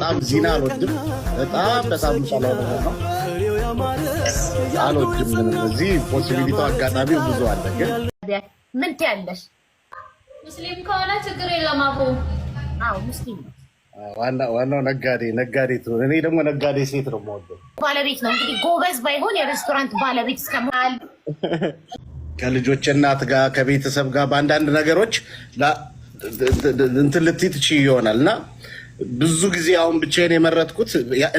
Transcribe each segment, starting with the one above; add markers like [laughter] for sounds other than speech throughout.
በጣም ዚና አልወድም። በጣም በጣም ምሳላ ነው አልወድም። ምንም እዚህ ፖሲቢሊቲ አጋጣሚው ብዙ አለ። ግን ምን ትያለሽ? ሙስሊም ከሆነ ችግር የለም አብሮ ሙስሊም ነው። ዋናው ነጋዴ ነጋዴ ትሆን። እኔ ደግሞ ነጋዴ ሴት ነው የምወደው። ባለቤት ነው እንግዲህ ጎበዝ ባይሆን የሬስቶራንት ባለቤት እስከመል [laughs] ከልጆች እናት ጋር ከቤተሰብ ጋር በአንዳንድ ነገሮች እንትን ልትይ ትችይ ይሆናል እና ብዙ ጊዜ አሁን ብቻዬን የመረጥኩት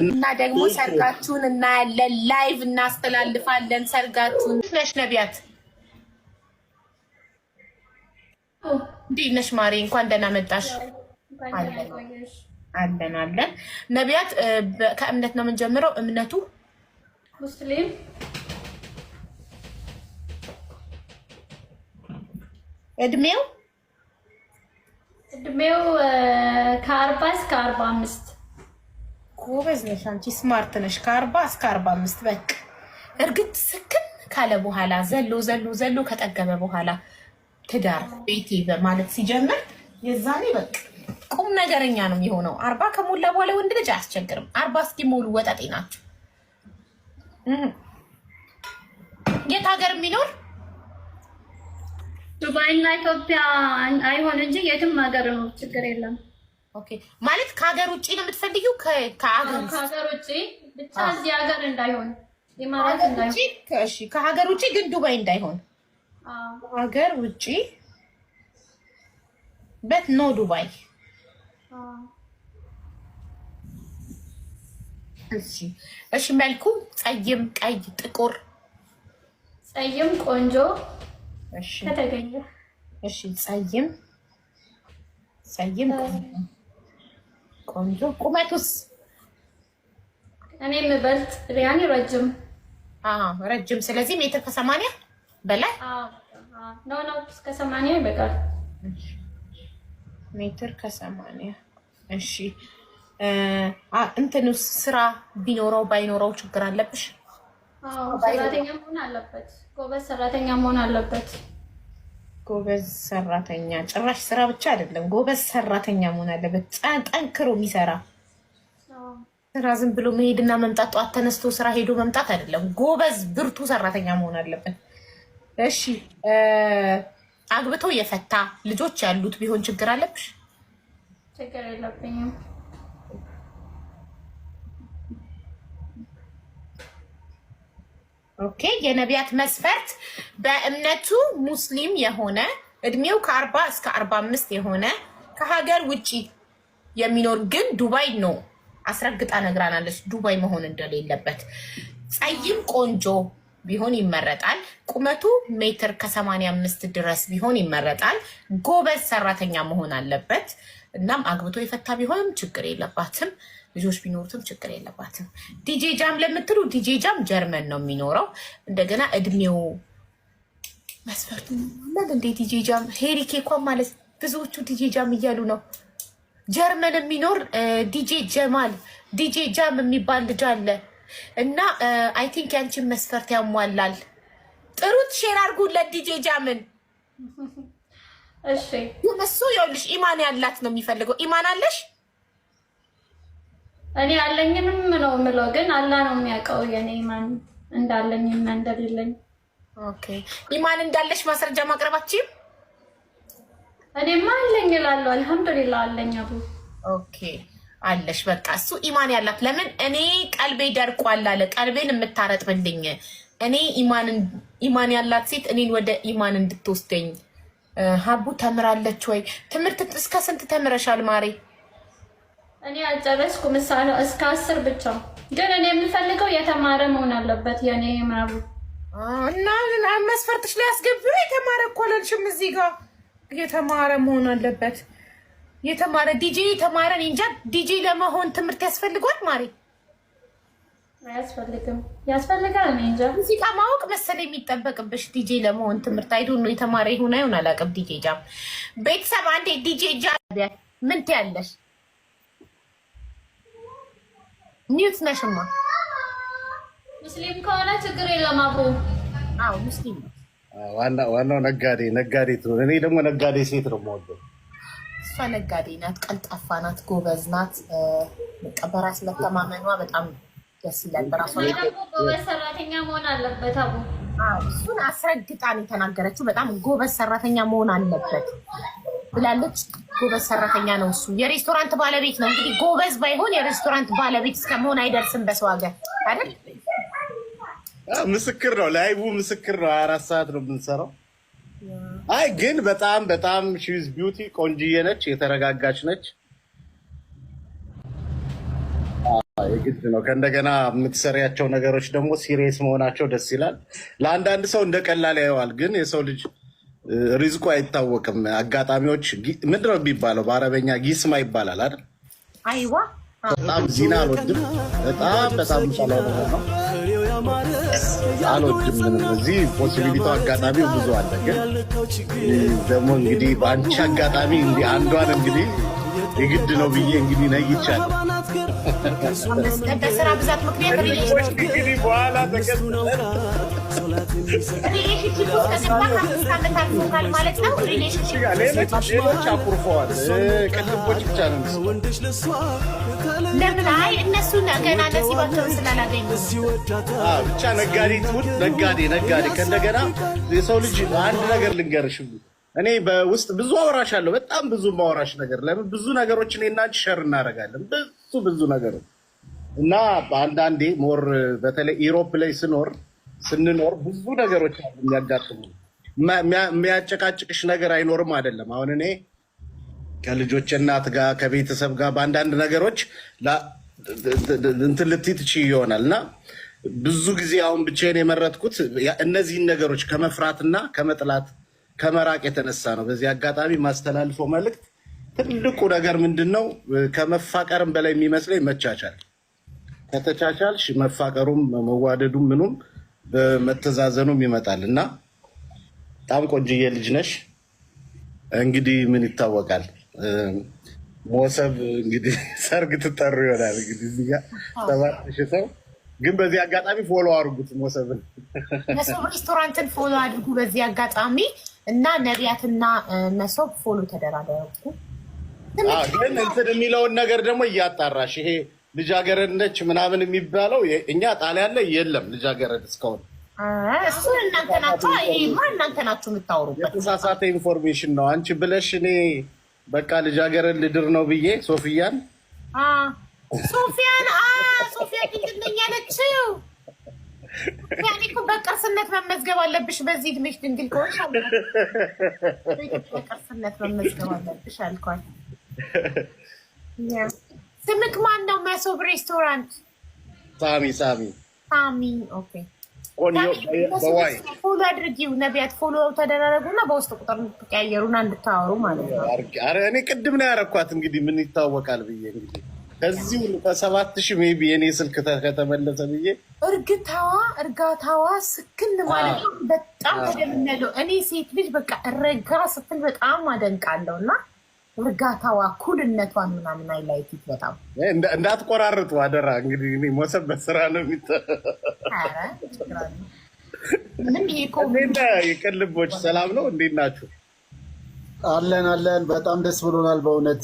እና ደግሞ ሰርጋችሁን እናያለን፣ ላይቭ እናስተላልፋለን። ሰርጋችሁን ነሽ ነቢያት እንዴት ነሽ ማሬ? እንኳን ደህና መጣሽ። አለን አለን። ነቢያት ከእምነት ነው የምንጀምረው። እምነቱ ሙስሊም እድሜው እድሜው ከአርባ እስከ አርባ አምስት ጎበዝ ነሽ አንቺ፣ ስማርት ነሽ። ከአርባ እስከ አርባ አምስት በቃ እርግጥ ስክም ካለ በኋላ ዘሎ ዘሎ ዘሎ ከጠገበ በኋላ ትዳር ቤቴ በማለት ሲጀምር የዛኔ በቃ ቁም ነገረኛ ነው የሆነው። አርባ ከሞላ በኋላ ወንድ ልጅ አያስቸግርም። አርባ እስኪሞሉ ወጠጤ ናቸው። የት ሀገር የሚኖር ዱባይና ኢትዮጵያ አይሆን እንጂ የትም ሀገር ነው፣ ችግር የለም። ኦኬ ማለት ከሀገር ውጭ ነው የምትፈልጊው? ከሀገር ውጭ ብቻ እዚህ ሀገር እንዳይሆን ከሀገር ውጭ ግን ዱባይ እንዳይሆን ሀገር ውጭ በት ኖ ዱባይ። እሺ እሺ። መልኩ ፀይም ቀይ፣ ጥቁር። ፀይም ቆንጆ ከተገኘ እሺ። ጸይም ጸይም ቆንጆ። ቁመቱስ? እኔም የምበልጥ ሪያኒ ረጅም ረጅም። ስለዚህ ሜትር ከሰማንያ በላይ ኖ ኖ፣ እስከ ሰማንያ ይበቃል። ሜትር ከሰማንያ እሺ። ስራ ቢኖረው ባይኖረው ችግር አለብሽ? ሰራተኛ መሆን አለበት። ጎበዝ ሰራተኛ መሆን አለበት። ጎበዝ ሰራተኛ ጭራሽ ስራ ብቻ አይደለም፣ ጎበዝ ሰራተኛ መሆን አለበት። ጠንክሮ የሚሰራ ስራ ዝም ብሎ መሄድና መምጣት፣ ጠዋት ተነስቶ ስራ ሄዶ መምጣት አይደለም። ጎበዝ ብርቱ ሰራተኛ መሆን አለበት። እሺ፣ አግብተው የፈታ ልጆች ያሉት ቢሆን ችግር አለብሽ? ችግር የለብኝም። ኦኬ የነቢያት መስፈርት በእምነቱ ሙስሊም የሆነ እድሜው ከአርባ እስከ አርባ አምስት የሆነ ከሀገር ውጭ የሚኖር ግን ዱባይ ነው አስረግጣ ነግራናለች። ዱባይ መሆን እንደሌለበት ጸይም ቆንጆ ቢሆን ይመረጣል። ቁመቱ ሜትር ከሰማንያ አምስት ድረስ ቢሆን ይመረጣል። ጎበዝ ሰራተኛ መሆን አለበት። እናም አግብቶ የፈታ ቢሆንም ችግር የለባትም። ልጆች ቢኖሩትም ችግር የለባትም። ዲጄ ጃም ለምትሉ ዲጄ ጃም ጀርመን ነው የሚኖረው። እንደገና እድሜው መስፈርቱ ማለት እንዴ ዲጄ ጃም ሄሪኬ እንኳን ማለት ብዙዎቹ ዲጄ ጃም እያሉ ነው። ጀርመን የሚኖር ዲጄ ጀማል ዲጄ ጃም የሚባል ልጅ አለ እና አይ ቲንክ ያንቺን መስፈርት ያሟላል። ጥሩት፣ ሼር አድርጉለት ዲጄ ጃምን። እሺ የመሱ ይኸውልሽ ኢማን ያላት ነው የሚፈልገው። ኢማን አለሽ? እኔ አለኝንም ነው የምለው፣ ግን አላ ነው የሚያውቀው የኔ ኢማን እንዳለኝ እና እንደሌለኝ። ኦኬ ኢማን እንዳለሽ ማስረጃ ማቅረባችም እኔማ አለኝ እላለሁ። አልሐምዱሊላ አለኝ አቡ። ኦኬ አለሽ፣ በቃ እሱ ኢማን ያላት ለምን እኔ ቀልቤ ደርቋል አለ። ቀልቤን የምታረጥብልኝ እኔ ኢማን ያላት ሴት እኔን ወደ ኢማን እንድትወስደኝ። ሀቡ ተምራለች ወይ? ትምህርት እስከ ስንት ተምረሻል ማሬ? እኔ አልጨረስኩም። ምሳ ነው እስከ አስር ብቻ ግን እኔ የምፈልገው የተማረ መሆን አለበት። የኔ ምናሉ እና መስፈርትሽ ላይ አስገብሮ የተማረ እኮ አላልሽም። እዚህ ጋር የተማረ መሆን አለበት። የተማረ ዲጂ የተማረ እንጃ ዲጂ ለመሆን ትምህርት ያስፈልጓል ማሪ አያስፈልግም ያስፈልጋል። እኔ እንጃ ሙዚቃ ማወቅ መሰለ የሚጠበቅብሽ ዲጂ ለመሆን ትምህርት አይዱ ነው። የተማረ ይሁን አይሁን አላውቅም። ዲጂ ጃ ቤተሰብ አንዴ ዲጂ ጃ ምን ትያለሽ? ኒውት ነሽማ። ሙስሊም ከሆነ ችግር የለም አብሮ። አዎ ሙስሊም ዋናው ነጋዴ ነጋዴ ትሆን። እኔ ደግሞ ነጋዴ ሴት ነው የምወደው። እሷ ነጋዴ ናት፣ ቀልጣፋ ናት፣ ጎበዝ ናት። በራስ መተማመኗ በጣም ደስ ይላል። በራሷ ጎበዝ ሰራተኛ መሆን አለበት። አቡ እሱን አስረግጣ የተናገረችው። በጣም ጎበዝ ሰራተኛ መሆን አለበት። ብላለች። ጎበዝ ሰራተኛ ነው እሱ። የሬስቶራንት ባለቤት ነው እንግዲህ ጎበዝ ባይሆን የሬስቶራንት ባለቤት እስከመሆን አይደርስም። በሰው ሀገር አይደል? ምስክር ነው ላይቡ፣ ምስክር ነው። አራት ሰዓት ነው የምንሰራው። አይ ግን በጣም በጣም ሺዝ ቢዩቲ ቆንጅዬ ነች፣ የተረጋጋች ነች። የግድ ነው ከእንደገና የምትሰሪያቸው ነገሮች ደግሞ ሲሪየስ መሆናቸው ደስ ይላል። ለአንዳንድ ሰው እንደ ቀላል ያየዋል፣ ግን የሰው ልጅ ሪዝቁ አይታወቅም። አጋጣሚዎች ምንድን ነው የሚባለው? በአረበኛ ጊስማ ይባላል አይደል? አይዋ በጣም ዚና አልወድም። በጣም በጣም ላ ነው አልወድም። ምንም እዚህ ፖሲቢሊቲ አጋጣሚ ብዙ አለ። ግን ደግሞ እንግዲህ በአንቺ አጋጣሚ እንዲህ አንዷን እንግዲህ የግድ ነው ብዬ እንግዲህ ነይቻል። በስራ ብዛት ምክንያት በኋላ ሪሌሽንሽፕ ውስጥ ብቻ ነጋዴ ነጋዴ ነጋዴ ከእንደገና የሰው ልጅ አንድ ነገር ልንገርሽ እኔ በውስጥ ብዙ አወራሽ አለሁ። በጣም ብዙ ማወራሽ ነገር ለምን ብዙ ነገሮች እኔ እና ሸር እናደርጋለን። ብዙ ብዙ ነገሮች እና በአንዳንዴ ሞር በተለይ ኢሮፕ ላይ ስኖር ስንኖር ብዙ ነገሮች አሉ የሚያጋጥሙ። የሚያጨቃጭቅሽ ነገር አይኖርም አይደለም። አሁን እኔ ከልጆች እናት ጋር ከቤተሰብ ጋር በአንዳንድ ነገሮች እንትን ልትይ ትችይ ይሆናል እና ብዙ ጊዜ አሁን ብቻዬን የመረጥኩት እነዚህን ነገሮች ከመፍራትና ከመጥላት ከመራቅ የተነሳ ነው። በዚህ አጋጣሚ ማስተላልፈው መልእክት ትልቁ ነገር ምንድን ነው? ከመፋቀርም በላይ የሚመስለኝ መቻቻል። ከተቻቻልሽ መፋቀሩም መዋደዱም ምኑም በመተዛዘኑም ይመጣል እና በጣም ቆንጅዬ ልጅ ነሽ። እንግዲህ ምን ይታወቃል ሞሰብ እንግዲህ [laughs] ሰርግ ትጠሩ ይሆናል። እንግዲህ እዚህ ሰባት ሺህ ሰው ግን በዚህ አጋጣሚ ፎሎ አድርጉት ሞሰብን፣ [laughs] መሶብ ሬስቶራንትን ፎሎ አድርጉ በዚህ አጋጣሚ እና ነቢያትና መሶብ ፎሎ ተደራደረጉ። ግን እንትን የሚለውን ነገር ደግሞ እያጣራሽ ይሄ ልጃገረድ ነች ምናምን የሚባለው እኛ ጣሊያን ላይ የለም። ልጃገረድ እስካሁን እሱ እናንተ ናችሁ፣ ይሄማ እናንተ ናችሁ የምታወሩበት። የተሳሳተ ኢንፎርሜሽን ነው። አንቺ ብለሽ እኔ በቃ ልጃገረድ ልድር ነው ብዬ ሶፊያን ሶፊያን ሶፊያ ድንግልነኛ ነችው ያኔ በቅርስነት መመዝገብ አለብሽ። በዚህ እድሜሽ ድንግል ከሆንሽ በቅርስነት መመዝገብ አለብሽ አልኳል። ስምክ ማን ነው? መሶብ ሬስቶራንት ሳሚ ሳሚ ሳሚ። ኦኬ ፎሎ አድርጊው። ነቢያት ፎሎ ተደራረጉና በውስጥ ቁጥር እንድትቀያየሩና እንድታወሩ ማለት ነው። እኔ ቅድም ነው ያረኳት። እንግዲህ ምን ይታወቃል ብዬ እንግዲህ ከዚህ ከሰባት ሺህ ሜይ ቢ የኔ ስልክ ከተመለሰ ብዬ እርግታዋ እርጋታዋ ስክን ማለት በጣም ተደምነለው። እኔ ሴት ልጅ በቃ ረጋ ስትል በጣም አደንቃለሁ እና እርጋታዋ ኩልነቷን ምናምን አይላይት በጣም እንዳትቆራርጡ አደራ። እንግዲህ እኔ መሰበት ስራ ነው የሚጠ የቅልቦች ሰላም ነው። እንዴት ናችሁ? አለን አለን። በጣም ደስ ብሎናል በእውነት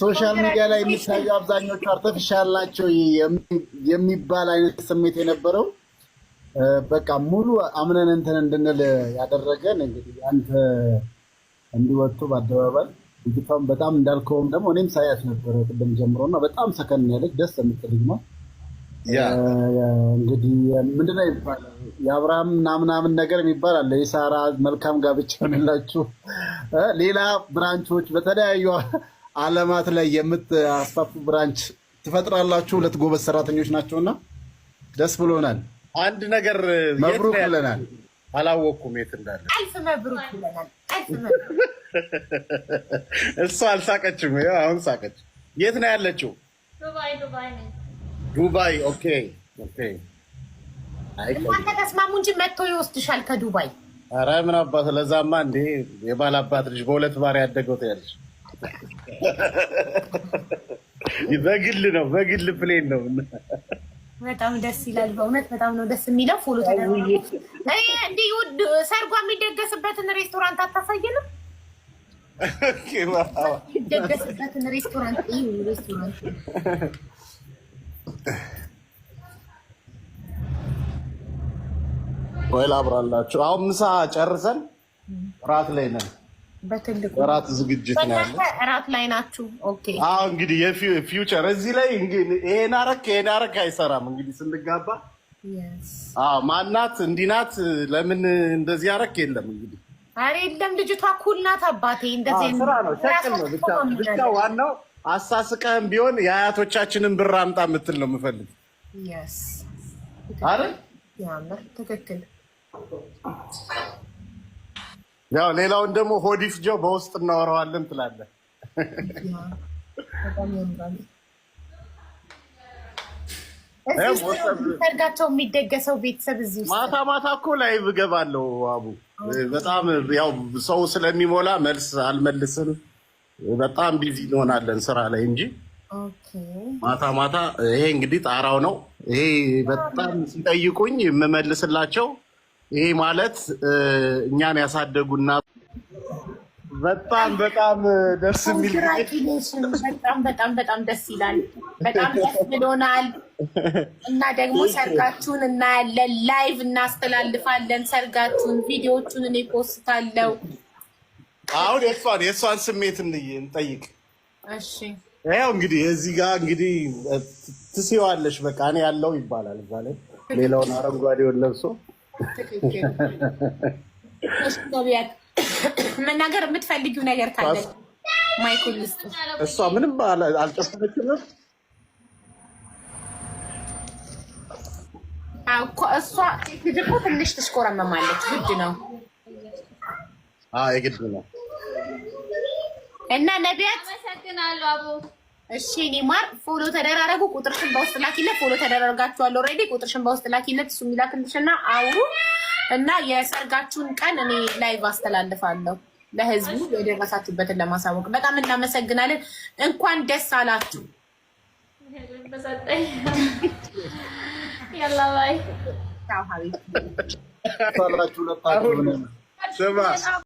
ሶሻል ሚዲያ ላይ የሚታዩ አብዛኞቹ አርተፊሻል ናቸው የሚባል አይነት ስሜት የነበረው በቃ ሙሉ አምነን እንትን እንድንል ያደረገን እንግዲህ አንተ እንዲወጡ በአደባባይ ልጅቷን በጣም እንዳልከውም ደግሞ እኔም ሳያት ነበረ ቅድም ጀምሮ እና በጣም ሰከን ያለች ደስ የምትልጅ ነው። እንግዲህ ምንድነው ይባላል የአብርሃም ናምናምን ነገር የሚባል አለ። የሳራ መልካም ጋብቻ ሆንላችሁ። ሌላ ብራንቾች በተለያዩ አለማት ላይ የምትአስፋፉ ብራንች ትፈጥራላችሁ። ሁለት ጎበዝ ሰራተኞች ናቸውና ደስ ብሎናል። አንድ ነገር መብሩክ ብለናል። አላወቅኩም የት እንዳለ። እሱ አልሳቀችም። አሁን ሳቀች። የት ነው ያለችው? ዱባይ። ኦኬ ኦኬ። ተስማሙ እንጂ መጥቶ ይወስድሻል ከዱባይ። ኧረ ምን አባት ለዛማ፣ እንደ የባል አባት ልጅ በሁለት ባር ያደገው ትያለሽ። በግል ነው በግል ፕሌን ነው። በጣም ደስ ይላል። በእውነት በጣም ነው ደስ የሚለው ፎሎ እንዲህ ውድ ሰርጓ የሚደገስበትን ሬስቶራንት አታሳየንም? ሬስቶራንት ሬስቶራንት ወይ ላብራላችሁ። አሁን ምሳ ጨርሰን ራት ላይ ነን። በትልቁ ራት ዝግጅት ነው ያለ። ራት ላይ ናችሁ? ኦኬ። አዎ እንግዲህ የፊውቸር እዚህ ላይ ይሄን አረክ ይሄን አረክ አይሰራም እንግዲህ ስንጋባ ማናት እንዲናት ለምን እንደዚህ አረክ የለም እንግዲህ ኧረ የለም ልጅቷ እኩል ናት አባቴ እንደዚህ ስራ ነው ሸቅል ነው ብቻ ዋናው አሳስቀህም ቢሆን የአያቶቻችንን ብር አምጣ የምትል ነው የምፈልግ ትክክል ያው ሌላውን ደግሞ ሆዲፍ ጆ በውስጥ እናወራዋለን ትላለህ ሰርጋቸው የሚደገሰው ቤተሰብ እዚህ ማታ ማታ እኮ ላይቭ እገባለሁ። አቡ በጣም ያው ሰው ስለሚሞላ መልስ አልመልስም። በጣም ቢዚ እንሆናለን ስራ ላይ እንጂ ማታ ማታ። ይሄ እንግዲህ ጣራው ነው። ይሄ በጣም ሲጠይቁኝ የምመልስላቸው ይሄ ማለት እኛን ያሳደጉ በጣም በጣም ደስ የሚል በጣም በጣም በጣም ደስ ይላል። በጣም ደስ ብሎናል። እና ደግሞ ሰርጋችሁን እናያለን፣ ላይቭ እናስተላልፋለን። ሰርጋችሁን ቪዲዮቹን እኔ ፖስታለው። አሁን የእሷን የእሷን ስሜት እንጠይቅ። እሺ ያው እንግዲህ እዚህ ጋር እንግዲህ ትስዋለሽ። በቃ እኔ ያለው ይባላል እዛ ሌላውን አረንጓዴውን ለብሶ መናገር የምትፈልጊው ነገር ካለ ማይኮል ልስጥ። እሷ ምንም አልጨሰመችም። እሷ እኮ ትንሽ ትሽኮረመማለች። ግድ ነው የግድ ነው። እና ነቢያት እሺ፣ እኔ ማር ፎሎ ተደራረጉ። ቁጥርሽን በውስጥ ላኪለት። ፎሎ ተደራርጋችኋል ኦልሬዲ። ቁጥርሽን በውስጥ ላኪለት። እሱ የሚላክልሽና አውሩ እና የሰርጋችሁን ቀን እኔ ላይቭ አስተላልፋለሁ ለህዝቡ የደረሳችሁበትን ለማሳወቅ። በጣም እናመሰግናለን። እንኳን ደስ አላችሁ። ያላባይ